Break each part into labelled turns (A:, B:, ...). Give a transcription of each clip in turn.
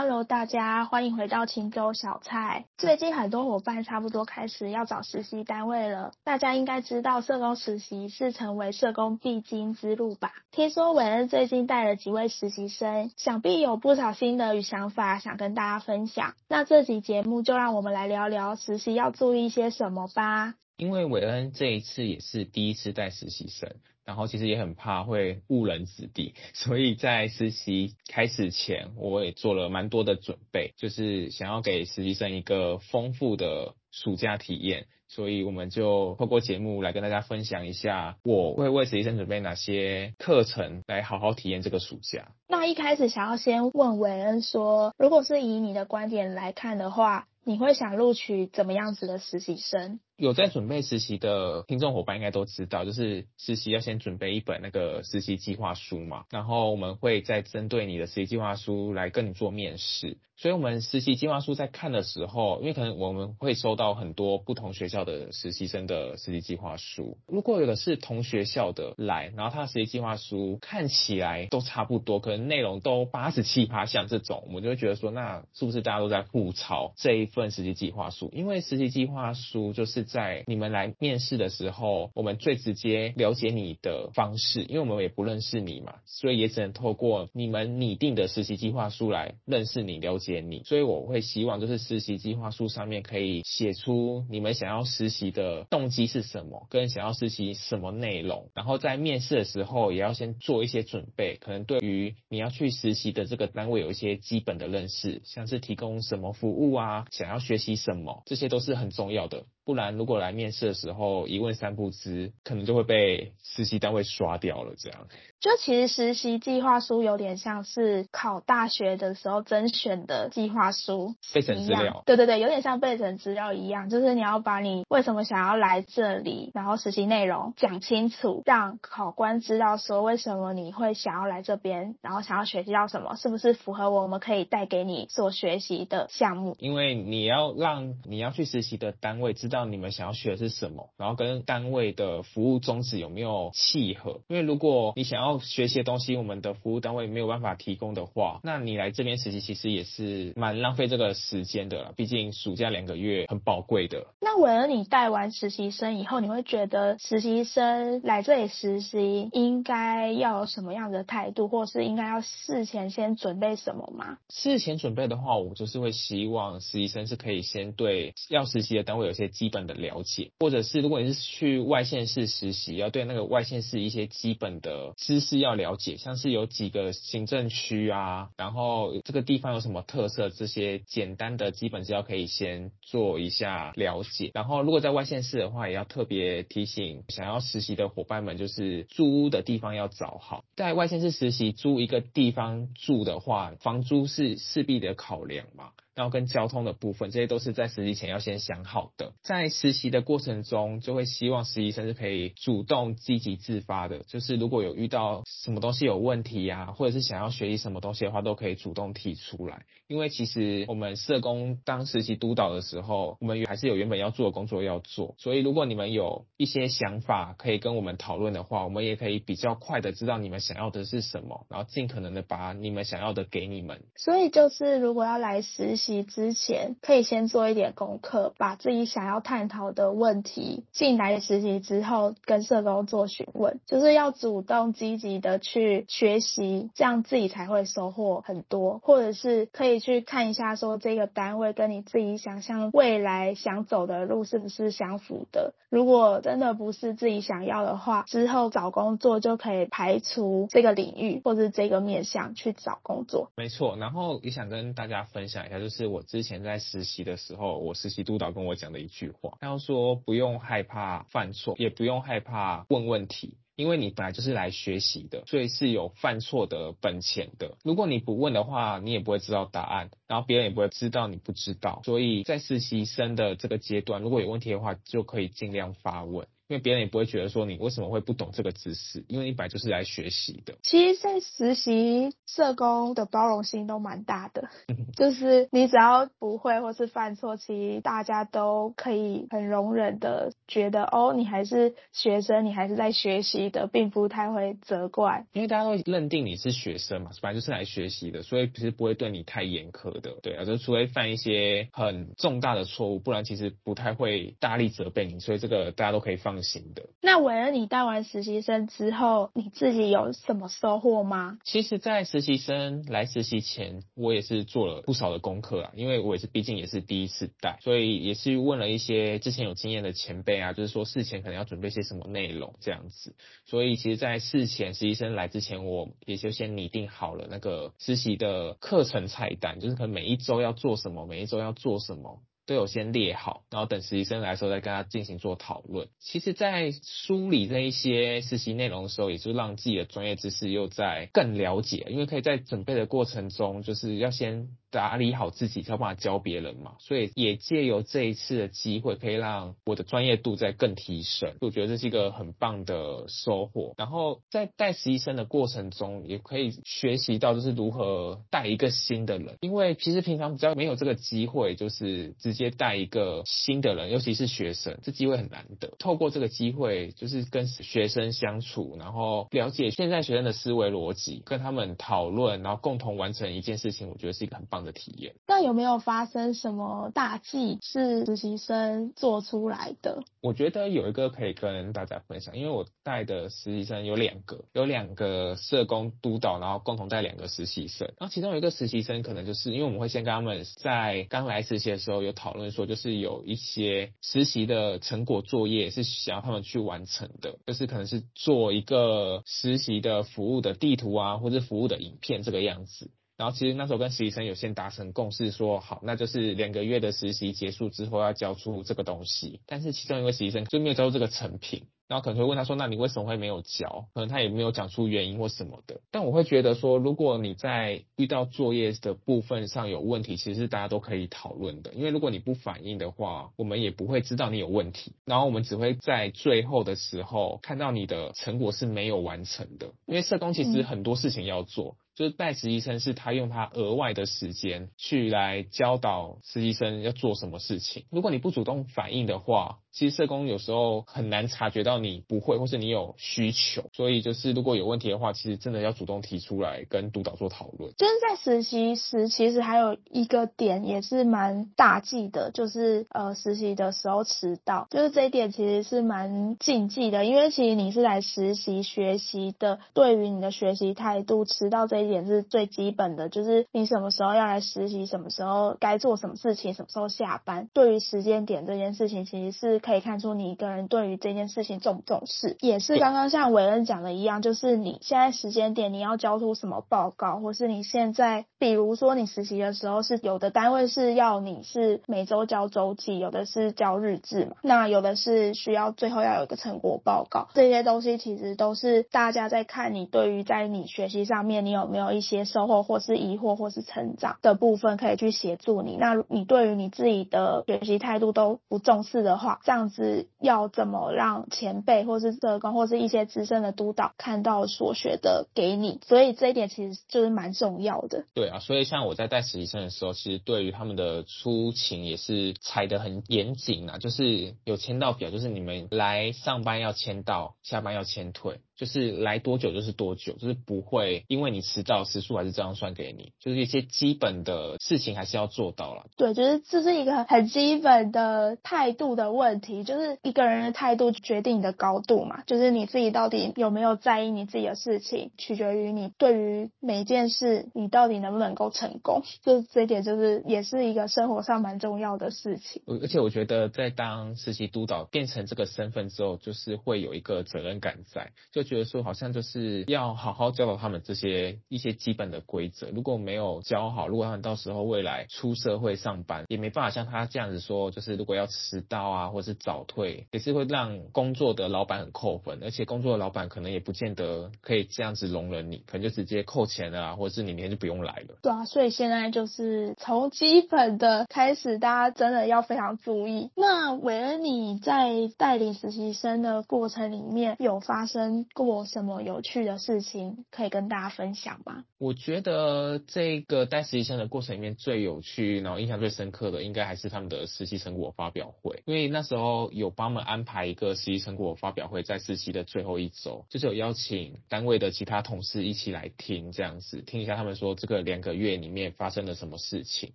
A: 哈嘍大家歡迎回到青州小菜。最近很多伙伴差不多開始要找實習單位了，大家應該知道社工實習是成為社工必經之路吧？聽說偉恩最近帶了幾位實習生，想必有不少心得與想法想跟大家分享。那這集節目就讓我們來聊聊實習要注意一些什麼吧。
B: 因為偉恩這一次也是第一次帶實習生。然後其實也很怕會誤人子弟，所以在實習開始前，我也做了蠻多的準備，就是想要給實習生一個豐富的暑假體驗。所以我們就透過節目來跟大家分享一下，我會為實習生準備哪些課程，來好好體驗這個暑假。
A: 那一開始想要先問偉恩說，如果是以你的觀點來看的話，你會想錄取怎麼樣子的實習生？
B: 有在準備實習的聽眾夥伴應該都知道，就是實習要先準備一本那個實習計劃書嘛。然後我們會再針對你的實習計劃書來跟你做面試。所以，我們實習計劃書在看的時候，因為可能我們會收到很多不同學校的實習生的實習計劃書。如果有的是同學校的來，然後他的實習計劃書看起來都差不多，可能內容都八十七趴像這種，我們就會覺得說，那是不是大家都在互抄這一份實習計劃書？因為實習計劃書就是。在你們來面試的時候，我們最直接了解你的方式，因為我們也不認識你嘛，所以也只能透過你們擬定的實習計劃書來認識你、了解你。所以我會希望，就是實習計劃書上面可以寫出你們想要實習的動機是什麼，跟想要實習什麼內容。然後在面試的時候，也要先做一些準備，可能對於你要去實習的這個單位有一些基本的認識，像是提供什麼服務啊，想要學習什麼，這些都是很重要的。不然，如果來面試的時候一問三不知，可能就會被實習單位刷掉了，這樣。
A: 就其實實習計劃書有點像是考大學的時候甄選的計劃書一樣。
B: 備審資料。
A: 對對對，有點像備審資料一樣，就是你要把你為什麼想要來這裡，然後實習內容講清楚，讓考官知道說為什麼你會想要來這邊，然後想要學習到什麼，是不是符合我，我們可以帶給你所學習的項目？
B: 因為你要讓你要去實習的單位知道你們想要學的是什麼，然後跟單位的服務宗旨有沒有契合？因為如果你想要。學習的東西，我們的服務單位沒有辦法提供的話，那你來這邊實習其實也是蠻浪費這個時間的啦。畢竟暑假兩個月很寶貴的。
A: 那偉恩，你帶完實習生以後，你會覺得實習生來這裡實習應該要有什麼樣的態度，或者是應該要事前先準備什麼嗎？
B: 事前準備的話，我就是會希望實習生是可以先對要實習的單位有些基本的了解，或者是如果你是去外縣市實習，要對那個外縣市一些基本的知。是要了解，像是有幾個行政區啊，然後這個地方有什麼特色，這些簡單的基本資料可以先做一下了解。然後如果在外縣市的話，也要特別提醒想要實習的夥伴們，就是租屋的地方要找好。在外縣市實習租一個地方住的話，房租是勢必的考量嘛。要跟交通的部分，這些都是在實習前要先想好的。在實習的過程中，就會希望實習生是可以主動、積極、自發的。就是如果有遇到什麼東西有問題啊，或者是想要學習什麼東西的話，都可以主動提出來。因為其實我們社工當實習督導的時候，我們還是有原本要做的工作要做。所以如果你們有一些想法可以跟我們討論的話，我們也可以比較快的知道你們想要的是什麼，然後盡可能的把你們想要的給你們。
A: 所以就是如果要來實習。之前可以先做一點功課，把自己想要探討的問題進來實習之後，跟社工做詢問，就是要主動積極的去學習，這樣自己才會收穫很多。或者是可以去看一下，說這個單位跟你自己想象未來想走的路是不是相符的。如果真的不是自己想要的話，之後找工作就可以排除這個領域或者這個面向去找工作。
B: 沒錯，然後也想跟大家分享一下，就是就是我之前在實習的時候，我實習督導跟我講的一句話，他說不用害怕犯錯，也不用害怕問問題，因為你本來就是來學習的，所以是有犯錯的本錢的。如果你不問的話，你也不會知道答案，然後別人也不會知道你不知道。所以在實習生的這個階段，如果有問題的話，就可以盡量發問。因為別人也不會覺得說，你為什麼會不懂這個知識，因為你本來就是來學習的。
A: 其實，在實習社工的包容性都蠻大的， 就是你只要不會或是犯錯，其實大家都可以很容忍的，覺得哦，你還是學生，你還是在學習的，並不太會責怪。
B: 因為大家都會認定你是學生嘛，本來就是來學習的，所以其實不會對你太嚴苛的。對啊，就除非犯一些很重大的錯誤，不然其實不太會大力責備你。所以這個大家都可以放行
A: 的。那偉恩，你帶完實習生之後，你自己有什麼收穫嗎？
B: 其實，在實習生來實習前，我也是做了不少的功課啊，因為我也是畢竟也是第一次帶，所以也是問了一些之前有經驗的前輩啊，就是說事前可能要準備些什麼內容這樣子。所以，其實，在事前實習生來之前，我也就先擬定好了那個實習的課程菜單，就是可能每一周要做什麼，每一周要做什麼。都有先列好，然後等實習生來的時候再跟他進行做討論。其實，在梳理這一些實習內容的時候，也是讓自己的專業知識又再更了解，因為可以在準備的過程中，就是要先。打理好自己，才有辦法教別人嘛。所以也借由這一次的機會，可以讓我的專業度再更提升。我覺得這是一個很棒的收穫。然後在帶實習生的過程中，也可以學習到就是如何帶一個新的人，因為其實平常比較沒有這個機會，就是直接帶一個新的人，尤其是，是學生，這機會很難得。透過這個機會，就是跟學生相處，然後了解現在學生的思維邏輯，跟他們討論，然後共同完成一件事情，我覺得是一個很棒的體
A: 驗，那有沒有發生什麼大忌是實習生做出來的？
B: 我覺得有一個可以跟大家分享，因為我帶的實習生有兩個，有兩個社工督導，然後共同帶兩個實習生，然後其中有一個實習生，可能就是因為我們會先跟他們在剛來實習的時候有討論說，就是有一些實習的成果作業是想要他們去完成的，就是可能是做一個實習的服務的地圖啊，或者服務的影片這個樣子。然後其實那時候跟實習生有先達成共識，說好，那就是兩個月的實習結束之後要交出這個東西。但是其中一個實習生就沒有交出這個成品，然後可能會問他說：“那你為什麼會沒有交？”可能他也沒有講出原因或什麼的。但我會覺得說，如果你在遇到作業的部分上有問題，其實是大家都可以討論的，因為如果你不反映的話，我們也不會知道你有問題。然後我們只會在最後的時候看到你的成果是沒有完成的，因為社工其實很多事情要做。嗯就是帶實習生，是他用他額外的時間去來教導實習生要做什麼事情。如果你不主動反應的話，其實社工有時候很難察覺到你不會，或是你有需求，所以就是如果有問題的話，其實真的要主動提出來跟督導做討論。就
A: 是在實習時，其實還有一個點也是蠻大忌的，就是呃實習的時候遲到，就是這一點其實是蠻禁忌的，因為其實你是來實習學習的，對於你的學習態度，遲到這一點是最基本的，就是你什麼時候要來實習，什麼時候該做什麼事情，什麼時候下班，對於時間點這件事情，其實是。可以看出你一個人對於這件事情重不重視，也是剛剛像偉恩講的一樣，就是你現在時間點你要交出什麼報告，或是你現在，比如說你實習的時候是有的單位是要你是每周交周記，有的是交日志嘛，那有的是需要最後要有一個成果報告，這些東西其實都是大家在看你對於在你學習上面你有沒有一些收穫，或是疑惑，或是成長的部分可以去協助你。那你對於你自己的學習態度都不重視的話，這樣子要怎麼讓前輩或是社工或是一些資深的督導看到所學的給你？所以這一點其實就是蠻重要的。
B: 對啊，所以像我在帶實習生的時候，其實對於他們的出勤也是踩得很嚴謹啊，就是有簽到表，就是你們來上班要簽到，下班要簽退。就是來多久就是多久，就是不會因為你遲到時數還是這樣算給你，就是一些基本的事情還是要做到了。
A: 對，就是這是一個很基本的態度的問題，就是一個人的態度決定你的高度嘛，就是你自己到底有沒有在意你自己的事情，取決於你對於每一件事你到底能不能夠成功。就是這一點，就是也是一個生活上蠻重要的事情。
B: 而而且我覺得，在當實習督導變成這個身份之後，就是會有一個責任感在，就。覺得說好像就是要好好教導他們這些一些基本的規則，如果沒有教好，如果他們到時候未來出社會上班，也沒辦法像他這樣子說，就是如果要遲到啊，或是早退，也是會讓工作的老板很扣分，而且工作的老板可能也不見得可以這樣子容忍你，可能就直接扣錢了，或者是你明天就不用來了。
A: 對啊，所以現在就是從基本的開始，大家真的要非常注意。那偉恩，你在帶領實習生的過程裡面有發生我什麼有趣的事情可以跟大家分享嗎？
B: 我覺得這個帶實習生的過程裡面最有趣，然後印象最深刻的，應該還是他們的實習成果發表會。因為那時候有幫忙安排一個實習成果發表會，在實習的最後一周，就是有邀請單位的其他同事一起來聽，這樣子聽一下他們說這個兩個月裡面發生了什麼事情。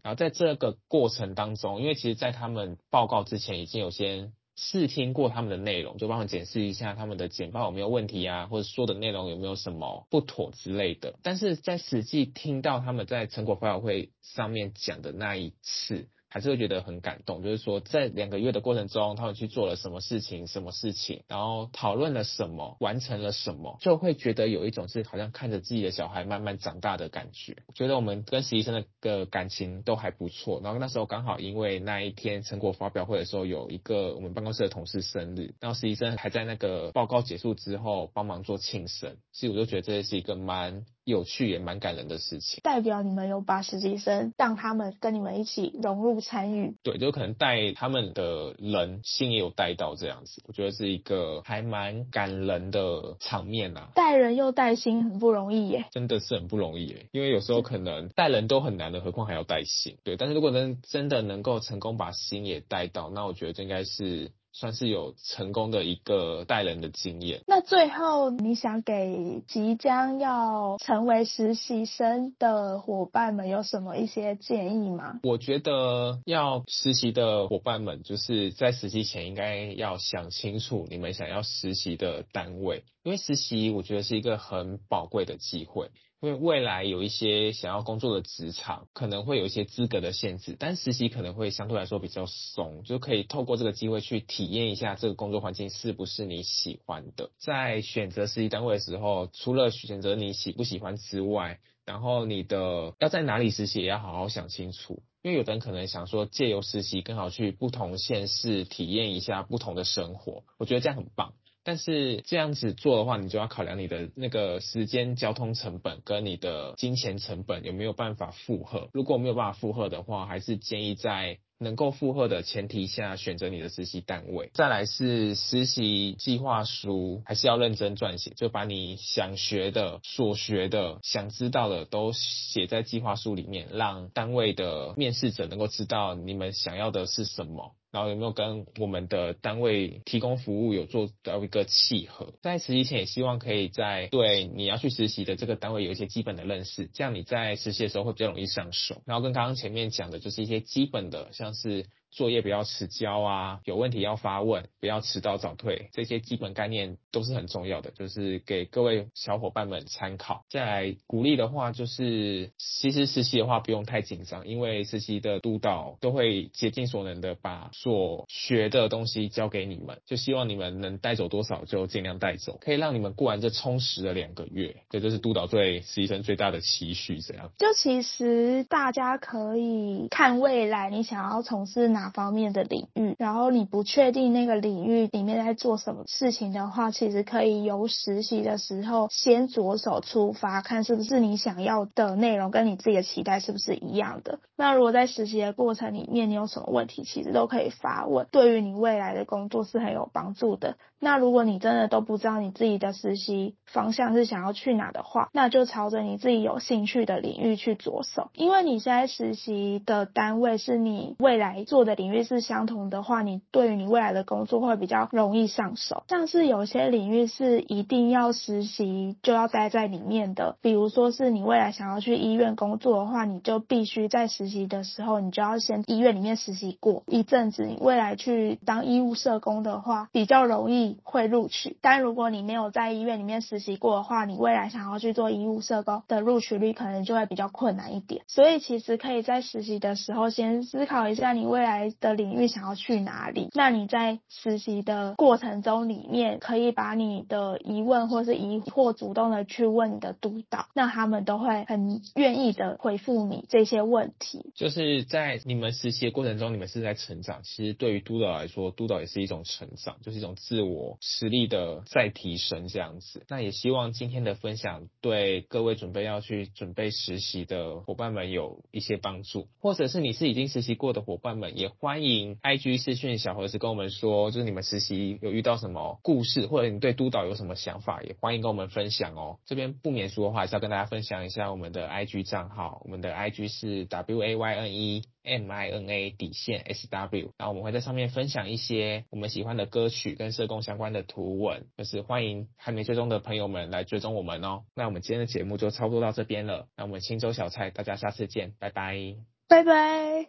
B: 然後在這個過程當中，因為其實，在他們報告之前，已經有些試聽過他們的內容，就幫我檢視一下他們的簡報有沒有問題啊，或者說的內容有沒有什麼不妥之類的。但是在實際聽到他們在成果發表會上面講的那一次。還是會覺得很感動，就是說在兩個月的過程中，他們去做了什麼事情，什麼事情，然後討論了什麼，完成了什麼，就會覺得有一種是好像看着自己的小孩慢慢長大的感覺。覺得我們跟實習生的感情都還不錯，然後那時候剛好因為那一天成果發表會的時候，有一個我們辦公室的同事生日，然後實習生還在那個報告結束之後幫忙做慶生，所以我就覺得這是一個蠻。有趣也蠻感人的事情，
A: 代表你們有把實習生讓他們跟你們一起融入參與。
B: 對，就可能帶他們的人，心也有帶到這樣子，我覺得是一個還蠻感人的場面吶、啊。
A: 帶人又帶心，很不容易耶。
B: 真的是很不容易耶，因為有時候可能帶人都很難的，何況還要帶心。對，但是如果能真的能夠成功把心也帶到，那我覺得這應該是。算是有成功的一個帶人的經驗。
A: 那最後，你想給即將要成為實習生的夥伴們有什麼一些建議嗎？
B: 我覺得要實習的夥伴們，就是在實習前應該要想清楚你們想要實習的單位，因為實習我覺得是一個很寶貴的機會。因為未來有一些想要工作的職場，可能會有一些資格的限制，但實習可能會相對來說比較鬆，就可以透過這個機會去體驗一下這個工作環境是不是你喜歡的。在選擇實習單位的時候，除了選擇你喜不喜歡之外，然後你的要在哪裡實習也要好好想清楚，因為有的人可能想說借由實習更好去不同縣市體驗一下不同的生活，我覺得這樣很棒。但是這樣子做的話，你就要考量你的那個時間、交通成本跟你的金錢成本有沒有辦法負荷。如果沒有辦法負荷的話，還是建議在能夠負荷的前提下選擇你的實習單位。再來是實習計劃書，還是要認真撰寫，就把你想學的、所學的、想知道的都寫在計劃書裡面，讓單位的面試者能夠知道你們想要的是什麼。然後有沒有跟我們的單位提供服務有做到一個契合？在實習前也希望可以在對你要去實習的這個單位有一些基本的認識，這樣你在實習的時候會比較容易上手。然後跟剛剛前面講的就是一些基本的，像是。作業不要遲交啊，有問題要發問，不要遲到早退，這些基本概念都是很重要的，就是給各位小夥伴們參考。再來鼓勵的話，就是其實實習的話不用太緊張，因為實習的督導都會竭盡所能的把所學的東西交給你們，就希望你們能帶走多少就盡量帶走，可以讓你們過完這充實的兩個月。對，這是督導對實習生最大的期許。這樣
A: 就其實大家可以看未來，你想要從事哪。哪方面的領域，然後你不確定那個領域裡面在做什麼事情的話，其實可以由實習的時候先着手出發，看是不是你想要的內容跟你自己的期待是不是一樣的。那如果在實習的過程裡面，你有什麼問題，其實都可以發問，對於你未來的工作是很有幫助的。那如果你真的都不知道你自己的實習方向是想要去哪的話，那就朝着你自己有興趣的領域去着手，因為你現在實習的單位是你未來做。的領域是相同的話，你對於你未來的工作會比較容易上手。像是有些領域是一定要實習就要待在裡面的，比如說是你未來想要去醫院工作的話，你就必須在實習的時候，你就要先醫院裡面實習過一陣子。你未來去當醫務社工的話，比較容易會錄取。但如果你沒有在醫院裡面實習過的話，你未來想要去做醫務社工的錄取率可能就會比較困難一點。所以其實可以在實習的時候先思考一下你未來。的領域想要去哪裡？那你在實習的過程中裡面，可以把你的疑問或是疑惑，主動的去問你的督導，那他們都會很願意的回復你這些問題。
B: 就是在你們實習的過程中，你們是在成長。其實對於督導來說，督導也是一種成長，就是一種自我實力的再提升這樣子。那也希望今天的分享對各位準備要去準備實習的夥伴們有一些幫助，或者是你是已經實習過的夥伴們也。也歡迎 IG 私訊小盒子跟我們說，就是你們實習有遇到什麼故事，或者你對督導有什麼想法，也歡迎跟我們分享哦。這邊不免俗的話，還是要跟大家分享一下我們的 IG 賬號我們的 IG 是 WAYNEMINA 底線 SW。那我們會在上面分享一些我們喜歡的歌曲跟社工相關的圖文，就是歡迎還沒追蹤的朋友們來追蹤我們哦。那我們今天的節目就差不多到這邊了，那我們新周小菜，大家下次見，拜拜，
A: 拜拜。